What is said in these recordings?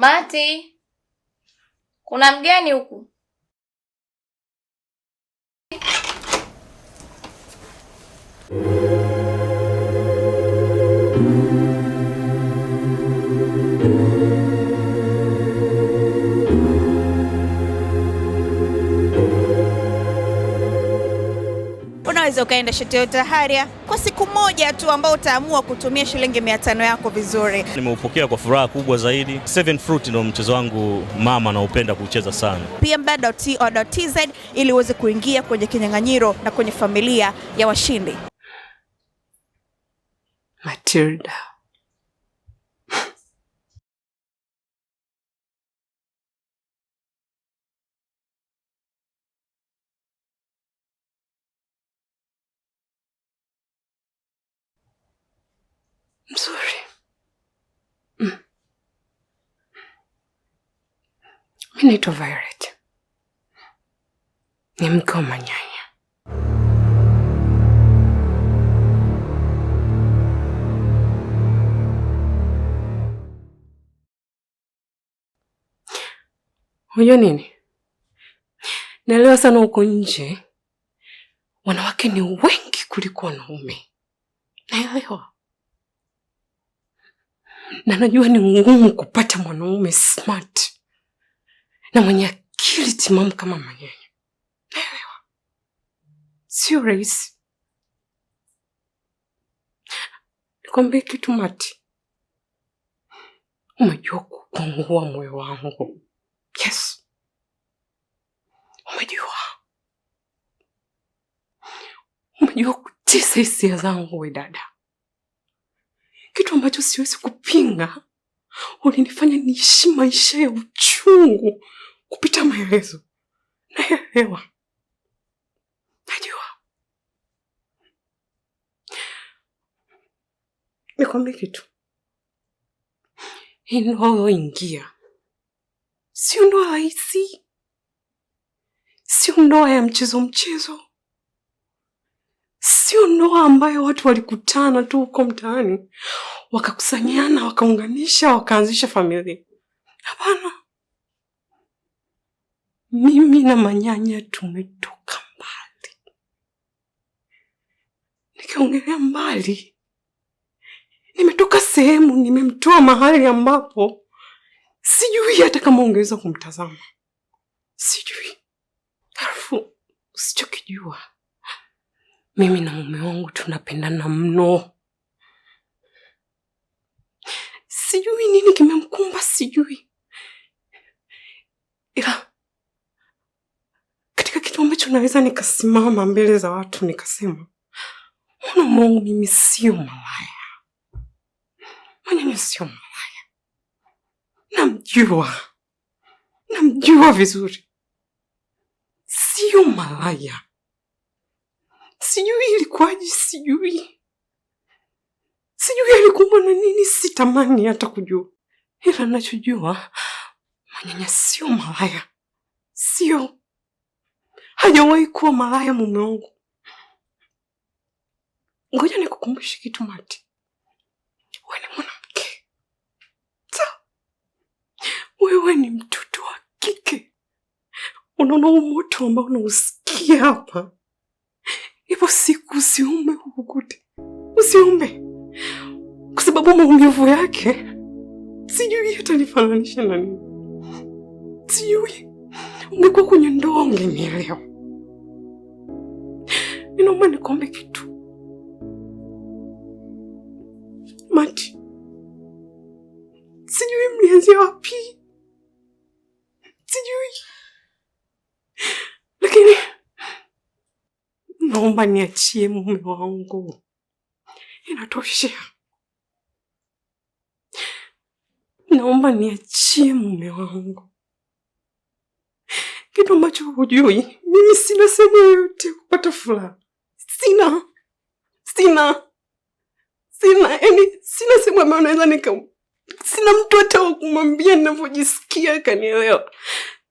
Mati, kuna mgeni huku? unaweza ukaenda Shoteo Haria kwa siku moja tu, ambao utaamua kutumia shilingi mia yako vizuri. Nimeupokea kwa furaha kubwa zaidi. Seven Fruit ndio mchezo wangu mama, naupenda kucheza sana. pmb.co.tz ili uweze kuingia kwenye kinyang'anyiro na kwenye familia ya washindi. Matilda. Mi naitwa Violet, ni mke wa Manyanya. Unajua nini, naelewa sana huko nje wanawake ni wengi kuliko wanaume, naelewa na najua ni ngumu kupata mwanaume smart na mwenye akili timamu kama Manyanya. Naelewa sio rahisi. Nikwambie kitu Mati, umejua kukungua moyo wangu. Yes, umejua umejua kutisa hisia zangu, we dada, kitu ambacho siwezi kupinga Ulinifanya niishi maisha ya uchungu kupita maelezo. Naelewa, najua. Nikwambie kitu, hii ndoa ulioingia sio ndoa rahisi, sio ndoa ya mchezo mchezo, sio ndoa ambayo watu walikutana tu huko mtaani wakakusanyana wakaunganisha wakaanzisha familia. Hapana, mimi na manyanya tumetoka mbali. Nikiongelea mbali, nimetoka sehemu, nimemtoa mahali ambapo sijui hata kama ungeweza kumtazama, sijui. alafu usichokijua, mimi na mume wangu tunapendana mno Sijui nini kimemkumba, sijui, ila katika kitu ambacho naweza nikasimama mbele za watu nikasema, mwana mwangu mimi sio malaya, mwenyewe sio malaya, namjua, namjua vizuri, sio malaya. Sijui ilikuwaje, sijui Sijui alikumbwa na nini, sitamani hata kujua, ila nachojua Manyanya sio malaya, sio, hajawahi kuwa malaya mume wangu. Ngoja nikukumbushe kitu Mati, wewe ni mwanamke, wewe ni mtoto wa kike. Unaona umoto ambao unausikia hapa, ipo siku usiume hukukute, usiume kwa sababu maumivu yake sijui yatanifananisha na nini, sijui. Umekuwa kwenye ndoa, ungenielewa. Ninaomba nikuombe kitu Mati, sijui mlianzia wapi, sijui, lakini naomba niachie mume wangu inatoshea Naomba niachie mume wangu. Kitu ambacho hujui, mimi sina sehemu yoyote kupata furaha. Sina, sina, sina, yani sina sehemu ambayo naweza nika, sina mtu hata wa kumwambia ninavyojisikia kanielewa.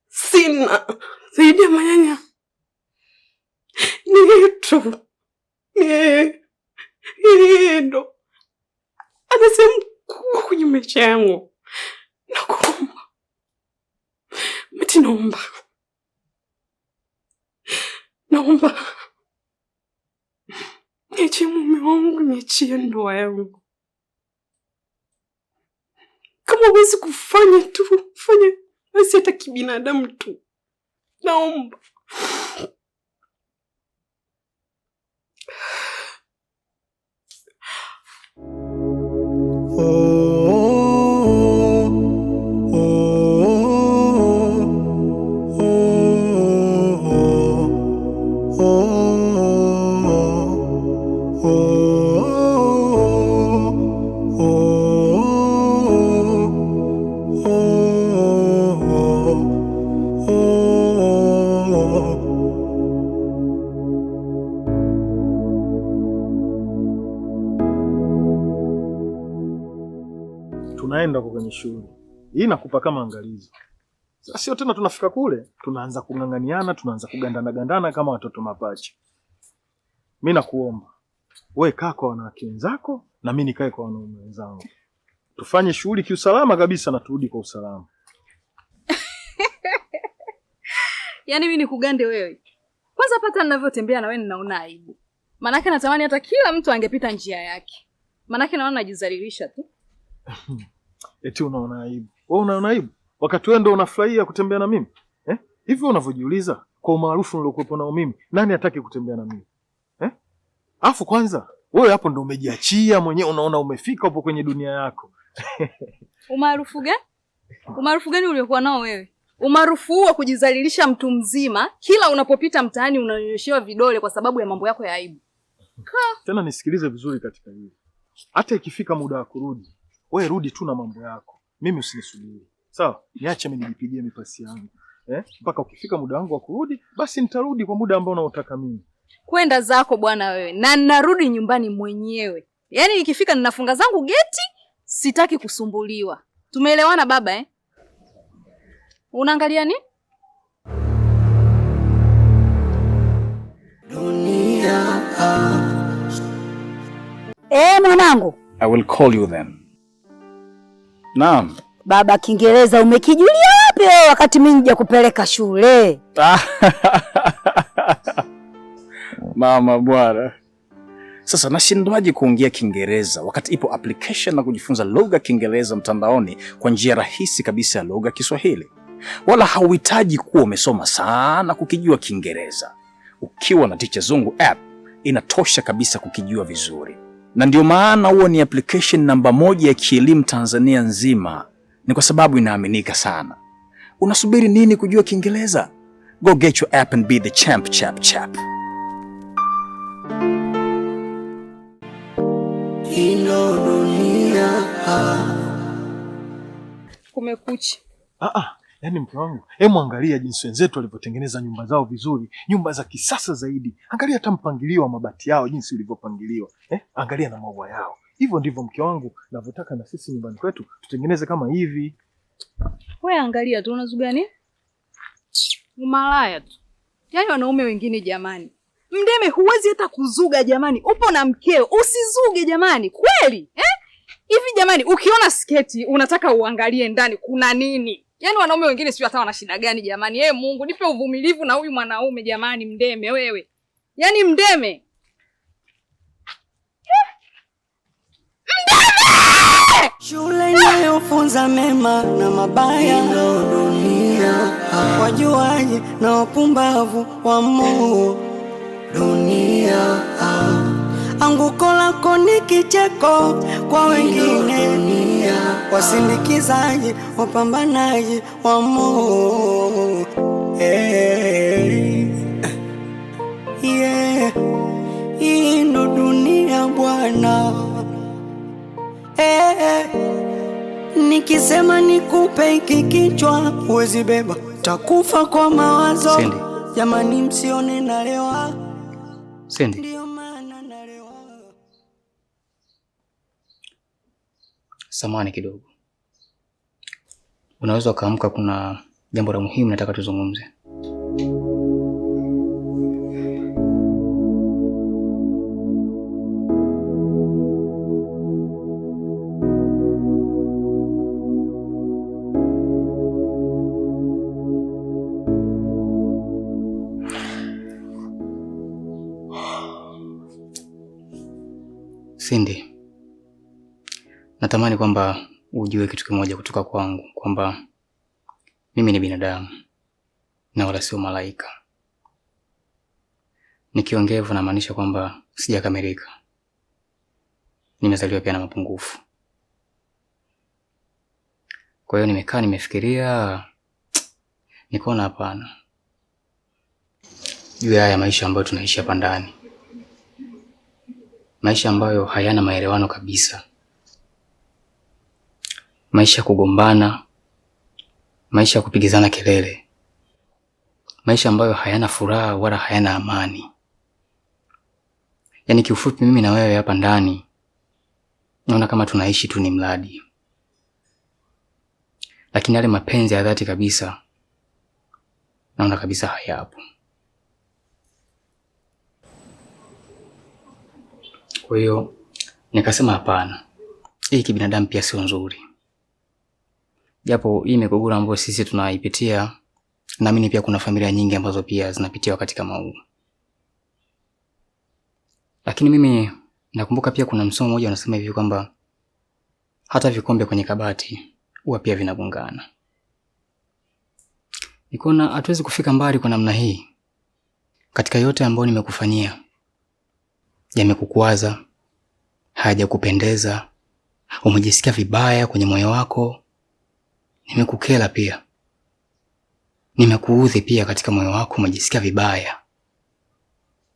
Sina zaidi ya manyanya ni tu, ni Endo ana sehemu kubwa kwenye maisha yangu, nakuomba Mati, naomba naomba niachie mume wangu, niachie ndoa yangu. Kama huwezi kufanya tu fanya basi, hata kibinadamu tu, naomba angalizo. Sasa sio tena tunafika kule tunaanza kung'ang'aniana, tunaanza kugandana gandana kama watoto mapacha. Mi nakuomba we kaa kwa wanawake wenzako na mi nikae kwa wanaume wenzangu, tufanye shughuli kiusalama kabisa na turudi kwa usalama. Yaani mi nikugande wewe kwanza, pata ninavyotembea na wewe ninaona aibu, maanake natamani hata kila mtu angepita njia yake, maanake naona najizalilisha tu. Eti unaona aibu wewe, unaona aibu wakati wewe ndio unafurahia kutembea na mimi eh? Hivyo unavyojiuliza kwa umaarufu niliokuwepo nao mimi, nani hataki kutembea na mimi eh? Afu kwanza wewe hapo ndio umejiachia mwenyewe, unaona umefika, upo kwenye dunia yako umaarufu gani? Umaarufu gani uliokuwa nao wewe? Umaarufu huu wa kujizalilisha mtu mzima, kila unapopita mtaani unanyoshewa vidole kwa sababu ya mambo yako ya aibu. Tena nisikilize vizuri katika hili, hata ikifika muda wa kurudi, wewe rudi tu na mambo yako, mimi usinisubiri. Sawa, niache mimi nijipigie mipasi yangu eh? mpaka ukifika muda wangu wa kurudi, basi nitarudi kwa muda ambao unaotaka mimi. Kwenda zako bwana wewe, na narudi nyumbani mwenyewe. Yaani ikifika ninafunga zangu geti, sitaki kusumbuliwa. Tumeelewana baba eh? Unaangalia nini? Dunia. Eh, mwanangu. I will call you then. Naam. Baba, Kiingereza umekijulia wapi wewe wakati mimi nija kupeleka shule? Mama bwana, sasa nashindwaje kuongea Kiingereza wakati ipo application na kujifunza lugha Kiingereza mtandaoni kwa njia rahisi kabisa ya lugha Kiswahili, wala hauhitaji kuwa umesoma sana kukijua Kiingereza. Ukiwa na Ticha Zungu app inatosha kabisa kukijua vizuri, na ndio maana huo ni application namba moja ya kielimu Tanzania nzima ni kwa sababu inaaminika sana. Unasubiri nini kujua Kiingereza? Go get your app and be the champ chap chap. Kumekucha. Ah ah, yani mke wangu, hebu angalia jinsi wenzetu walivyotengeneza nyumba zao vizuri, nyumba za kisasa zaidi. Angalia hata mpangilio wa mabati yao jinsi ulivyopangiliwa. Eh, angalia na maua yao Hivyo ndivyo mke wangu navyotaka, na sisi nyumbani kwetu tutengeneze kama hivi. We angalia tu unazugani, umalaya tu. Yaani wanaume wengine jamani, Mdeme huwezi hata kuzuga jamani, upo na mkeo, usizuge jamani, kweli eh? Hivi jamani, ukiona sketi unataka uangalie ndani kuna nini? Yaani wanaume wengine sio hata wana shida gani jamani. Ee Mungu, nipe uvumilivu na huyu mwanaume jamani. Mdeme wewe, yaani Mdeme Shule inayofunza mema na mabaya, dunia. Wajuaji na wapumbavu wamo dunia. Ah. Anguko lako ni kicheko kwa wengine, ah. wasindikizaji, wapambanaji wa hey. Eh, eh. yeah. Hii ndo dunia bwana hey, eh, eh. Nikisema nikupe hiki kichwa huwezi beba, takufa kwa mawazo. Jamani, msione nalewa, ndio maana nalewa. Samani kidogo, unaweza ukaamka, kuna jambo la muhimu nataka tuzungumze. natamani kwamba ujue kitu kimoja kutoka kwangu kwamba mimi ni binadamu na wala sio malaika. Nikiongea hivyo namaanisha kwamba sijakamilika, nimezaliwa pia na mapungufu. Kwa hiyo nimekaa, nimefikiria, nikaona hapana, juu ya haya maisha ambayo tunaishi hapa ndani, maisha ambayo hayana maelewano kabisa maisha ya kugombana, maisha ya kupigizana kelele, maisha ambayo hayana furaha wala hayana amani. Yaani kiufupi, mimi na wewe hapa ndani naona kama tunaishi tu ni mradi, lakini yale mapenzi ya dhati kabisa naona kabisa hayapo. Kwa hiyo nikasema hapana, hii kibinadamu pia sio nzuri japo hii migogoro ambayo sisi tunaipitia, naamini pia kuna familia nyingi ambazo pia zinapitia wakati kama huu. Lakini mimi nakumbuka pia kuna msomo mmoja unasema hivi kwamba hata vikombe kwenye kabati huwa pia vinagongana. Nikaona hatuwezi kufika mbali kwa namna hii. Katika yote ambayo nimekufanyia, yamekukuwaza, hayajakupendeza, umejisikia vibaya kwenye moyo wako nimekukela pia, nimekuudhi pia, katika moyo wako umejisikia vibaya.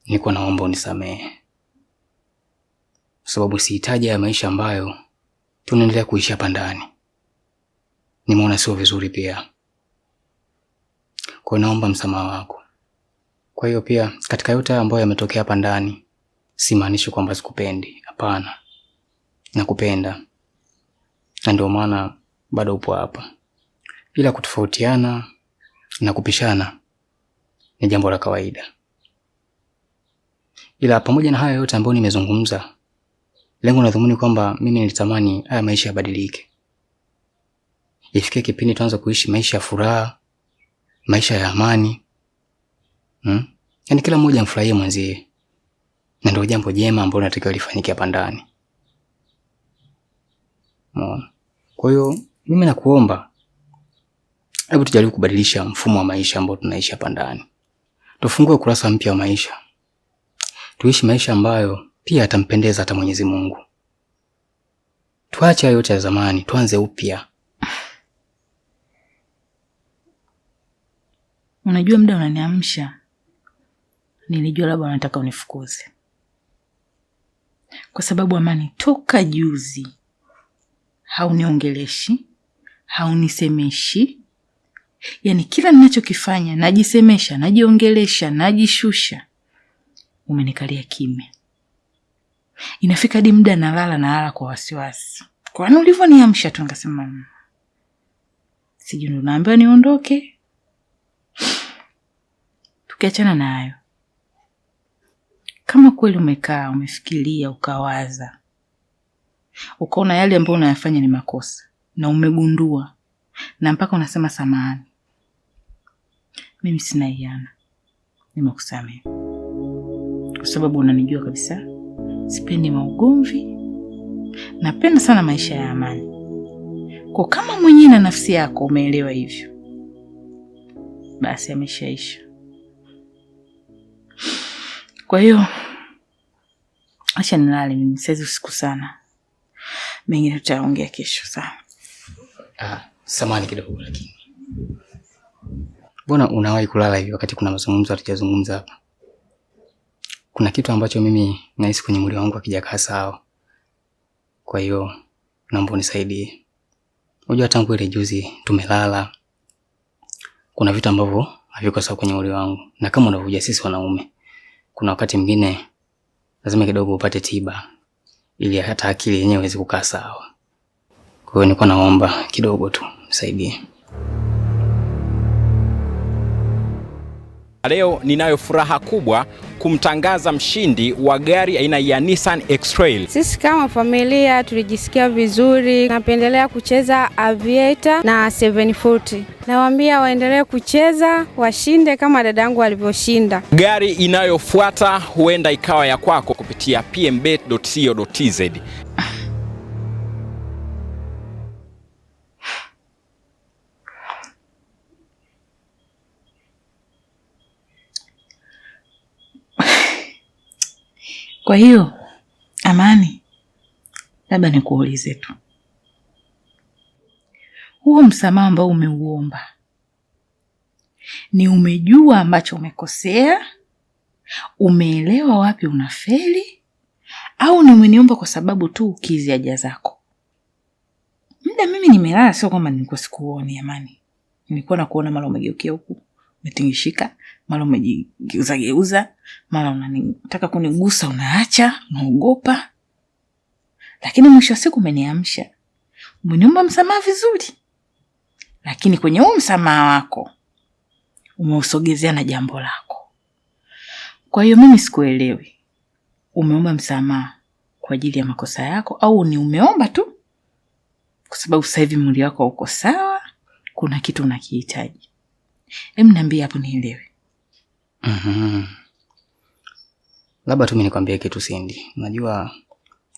Niko naomba unisamehe, kwa sababu sihitaji ya maisha ambayo tunaendelea kuishi hapa ndani. Nimeona sio vizuri pia, kwa naomba msamaha wako. Kwa hiyo pia, katika yote ambayo yametokea hapa ndani, simaanishi kwamba sikupendi. Hapana, nakupenda na ndio maana bado upo hapa ila kutofautiana na kupishana ni jambo la kawaida. Ila pamoja na hayo yote ambayo nimezungumza, lengo na dhumuni kwamba mimi nilitamani haya maisha yabadilike, ifikie kipindi tuanze kuishi maisha ya furaha, maisha ya amani hmm? Yani kila mmoja amfurahie mwenzie, na ndio jambo jema ambalo natakiwa lifanyike hapa ndani. Kwa hiyo mimi nakuomba Hebu tujaribu kubadilisha mfumo wa maisha ambao tunaishi hapa ndani, tufungue ukurasa mpya wa maisha, tuishi maisha ambayo pia atampendeza hata Mwenyezi Mungu. Tuache yote ya zamani, tuanze upya. Unajua, muda unaniamsha, nilijua labda unataka unifukuze kwa sababu Amani, toka juzi hauniongeleshi haunisemeshi Yaani kila ninachokifanya najisemesha, najiongelesha, najishusha. Umenikalia kimya. Inafika hadi muda nalala nalala kwa wasiwasi. Kwani ulivyoniamsha tu nikasema mm, sijui ndo naambiwa niondoke. Tukiachana nayo kama kweli umekaa umefikiria, ukawaza, ukaona yale ambayo unayafanya ni makosa na umegundua na mpaka unasema samahani, mimi sina hiana, nimekusamehe kwa sababu unanijua kabisa, sipendi maugomvi, napenda sana maisha ya amani. Kwa kama mwenyewe na nafsi yako umeelewa hivyo, basi ameshaisha. Kwa hiyo acha nilale mimi, saizi usiku sana, mengine tutaongea kesho. Sawa. Ah, samani kidogo lakini Mbona unawahi kulala hivi wakati kuna mazungumzo hatujazungumza hapa? Kuna kitu ambacho mimi nahisi kwenye mwili wangu hakijakaa sawa. Kwa hiyo naomba unisaidie. Unajua tangu ile juzi tumelala. Kuna vitu ambavyo haviko sawa kwenye mwili wangu. Na kama unavyojua sisi wanaume, kuna wakati mwingine lazima kidogo upate tiba ili hata akili yenyewe iweze kukaa sawa. Kwa hiyo nilikuwa naomba kidogo tu msaidie. leo ninayo furaha kubwa kumtangaza mshindi wa gari aina ya Nissan X-Trail. Sisi kama familia tulijisikia vizuri, napendelea kucheza Aviator na 740. Nawaambia waendelee kucheza washinde kama dadangu alivyoshinda. Gari inayofuata huenda ikawa ya kwako kupitia pmbet.co.tz. Kwa hiyo Amani, labda nikuulize tu, huo msamaha ambao umeuomba ni umejua ambacho umekosea, umeelewa wapi unafeli, au ni umeniomba kwa sababu tu ukizi haja zako? Muda mimi nimelala, sio kwamba nilikuwa sikuoni. Amani, nilikuwa nakuona mara umegeukia huku umetingishika, mara umejigeuzageuza, mara unataka kunigusa, unaacha, unaogopa. Lakini mwisho wa siku umeniamsha, umeniomba msamaha vizuri, lakini kwenye huu msamaha wako umeusogezea na jambo lako. Kwa hiyo mimi sikuelewi, umeomba msamaha kwa ajili ya makosa yako au ni umeomba tu kwa sababu sasa hivi mwili wako uko sawa, kuna kitu unakihitaji? Hem, niambie hapo nielewe. mm -hmm. Labda tu mimi nikwambie kitu Sindi, unajua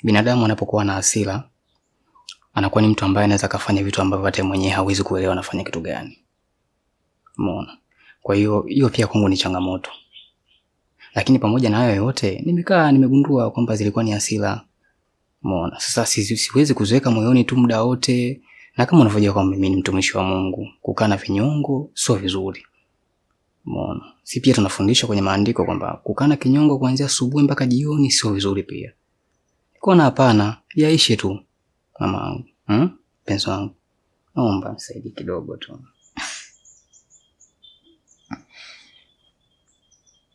binadamu anapokuwa na hasira anakuwa ni mtu ambaye anaweza kafanya vitu ambavyo hata mwenyewe hawezi kuelewa anafanya kitu gani. Umeona? Kwa hiyo hiyo pia kwangu ni changamoto, lakini pamoja na hayo yote nimekaa nimegundua kwamba zilikuwa ni hasira. Umeona? Sasa si, siwezi kuziweka moyoni tu muda wote, na kama unavyojua kwamba mimi ni mtumishi wa Mungu, kukaa na vinyongo sio vizuri. Mbona? Si pia tunafundishwa kwenye maandiko kwamba kukaa na kinyongo kuanzia asubuhi mpaka jioni sio vizuri pia. Kwa na hapana, yaishi tu mama wangu. Hmm? Penzi wangu. Naomba msaidie kidogo tu.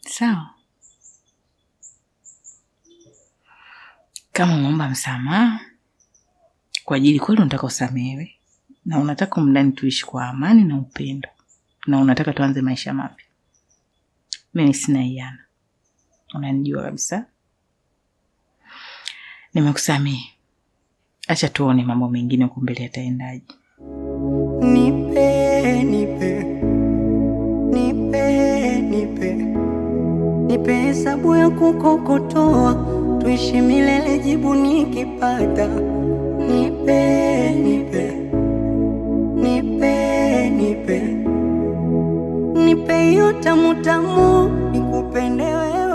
Sawa. Kama umeomba msamaha kwa ajili kweli unataka usamehewe na unataka mndani tuishi kwa amani na upendo, na unataka tuanze maisha mapya. Mimi sina hiana, unanijua kabisa. Nimekusamehe, acha tuone mambo mengine huko mbele yataendaje. Nipe, nipe, nipe, nipe, nipe hesabu ya kukokotoa tuishi milele, jibu nikipata nipe nipe hiyo tamutamu nikupende wewe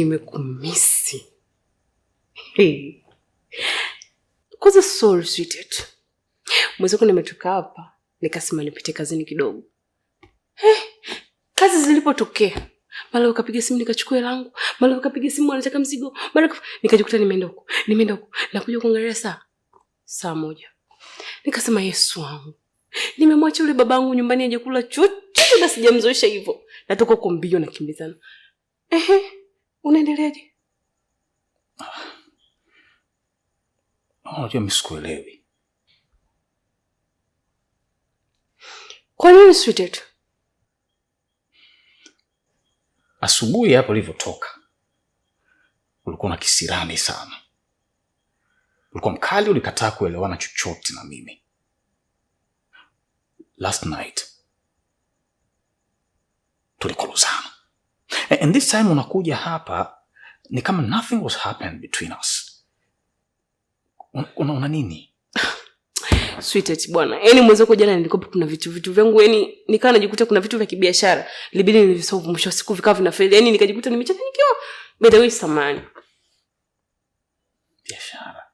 nimekumisi. Hey. Kwanza sorry sweetheart. Mwenzako nimetoka hapa nikasema nipite kazini kidogo. Hey, kazi zilipotokea mara ukapiga simu nikachukua langu, mara ukapiga simu anataka mzigo, mara nikajikuta nimeenda huko, nimeenda huko. Nakuja kuangalia saa saa moja, nikasema Yesu wangu, nimemwacha yule babangu nyumbani aje kula chochote na sijamzoesha hivyo, natoka huko mbio nakimbizana, ehe unaendeleaje? Unajua mimi sikuelewi. Kwa nini sweetheart? Asubuhi hapo ulivyotoka ulikuwa na kisirani sana, ulikuwa mkali, ulikataa kuelewana chochote na mimi. Last night tulikoruzana And this time unakuja hapa ni kama nothing was happened between us. Unaona una nini? Sweetheart bwana. Yaani mwenzako jana nilikopa kuna vitu vitu vyangu yani nikaa najikuta kuna vitu vya kibiashara. Libidi nilivisolve mwisho siku vikawa fail, Yaani nikajikuta nimechanganyikiwa. By the way, samani. Biashara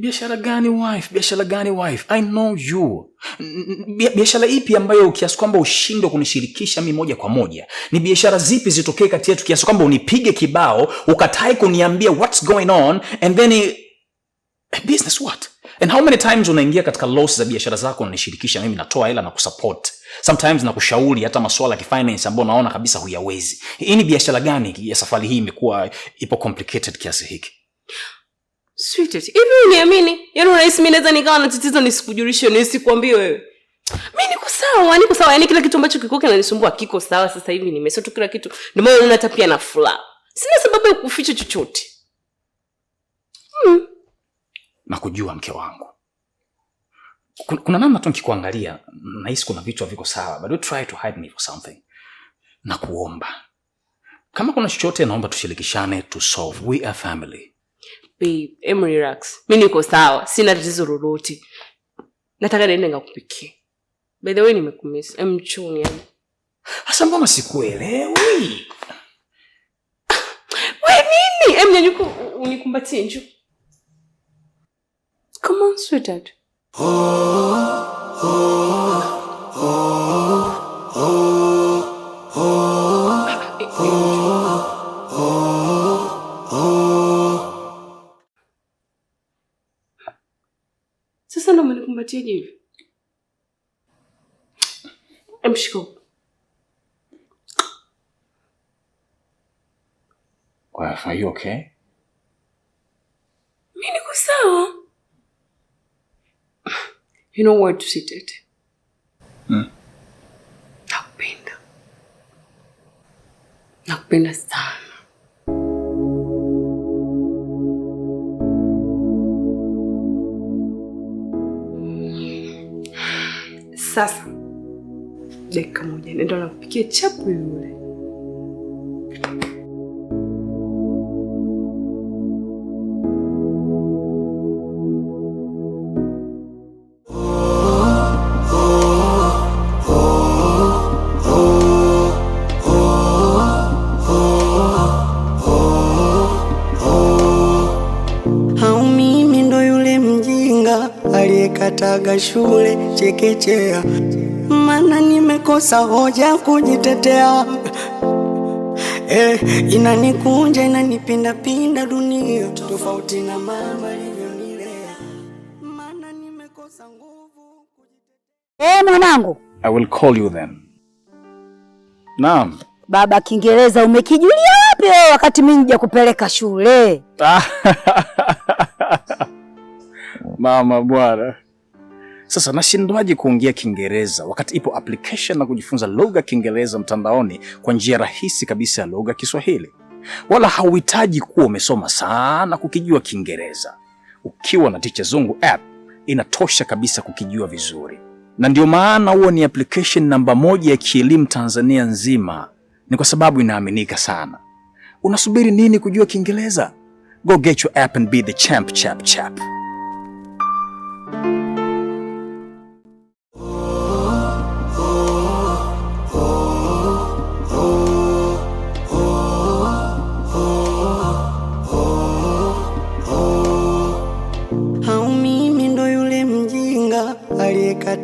biashara gani wife? Biashara gani wife? I know you. Biashara ipi ambayo kiasi kwamba ushindwe kunishirikisha mi moja kwa moja? Ni biashara zipi zitokee kati yetu kiasi kwamba unipige kibao ukatai kuniambia what's going on and then he... business what and how many times unaingia katika loss za biashara zako unanishirikisha mimi, natoa hela na kusupport sometimes na kushauri hata masuala ya finance ambayo naona kabisa huyawezi. Hii ni biashara gani ya safari hii imekuwa ipo complicated kiasi hiki? Sweetheart, Hivi uniamini? Yaani unahisi mimi naweza nikawa na tatizo nisikujulishe, nisikuambie wewe. Mimi niko sawa, niko sawa. Yaani kila kitu ambacho kiko kinanisumbua kiko sawa sasa hivi tu kila kitu. Ndio maana unaona hata pia na furaha. Sina sababu ya kuficha chochote. Hmm. Na kujua mke wangu. Kuna, kuna namna tu nikikuangalia nahisi kuna vitu haviko sawa. But you try to hide me for something. Na kuomba. Kama kuna chochote naomba tushirikishane to solve. We are family. Babe, em eh, relax. Mimi niko sawa, sina tatizo lolote. Nataka niende ngakupikie. By the way nimekumiss. Em chuni yani. Sasa mbona sikuelewi? Wewe nini? Em eh, nyanyuko unikumbatie njoo. Come on, sweetheart. Oh, oh, oh, oh. Unafanyaje hivi? Mshiko. Wife, are you okay? Mimi niko sawa. You know what to sit at. Hmm. Nakupenda. Nakupenda sana. Sasa dakika moja, nenda nakupikia chapu yule kukanyaga shule chekechea, mana nimekosa hoja kujitetea. Eh, inanikunja inanipindapinda dunia tofauti na mama alivyonilea, mana nimekosa nguvu kujitetea. Eh, mwanangu, I will call you then. Naam. Baba, Kiingereza umekijulia wapi wewe wakati mimi nija kupeleka shule? Mama bwana. Sasa nashindwaje kuongea Kiingereza wakati ipo application na kujifunza lugha Kiingereza mtandaoni kwa njia rahisi kabisa ya lugha Kiswahili? Wala hauhitaji kuwa umesoma sana kukijua Kiingereza. Ukiwa na Ticha Zungu app inatosha kabisa kukijua vizuri, na ndio maana huo ni application namba moja ya kielimu Tanzania nzima, ni kwa sababu inaaminika sana. Unasubiri nini kujua Kiingereza? Go get your app and be the champ chap chap.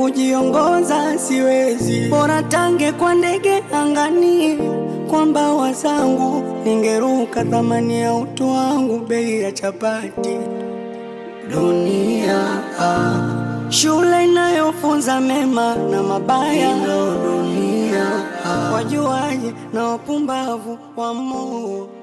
kujiongoza siwezi, bora tange kwa ndege angani, kwa mbawa zangu ningeruka. Thamani ya utu wangu bei ya chapati dunia. Ah, shule inayofunza mema na mabaya dunia. Ah, wajuaji na wapumbavu wa moo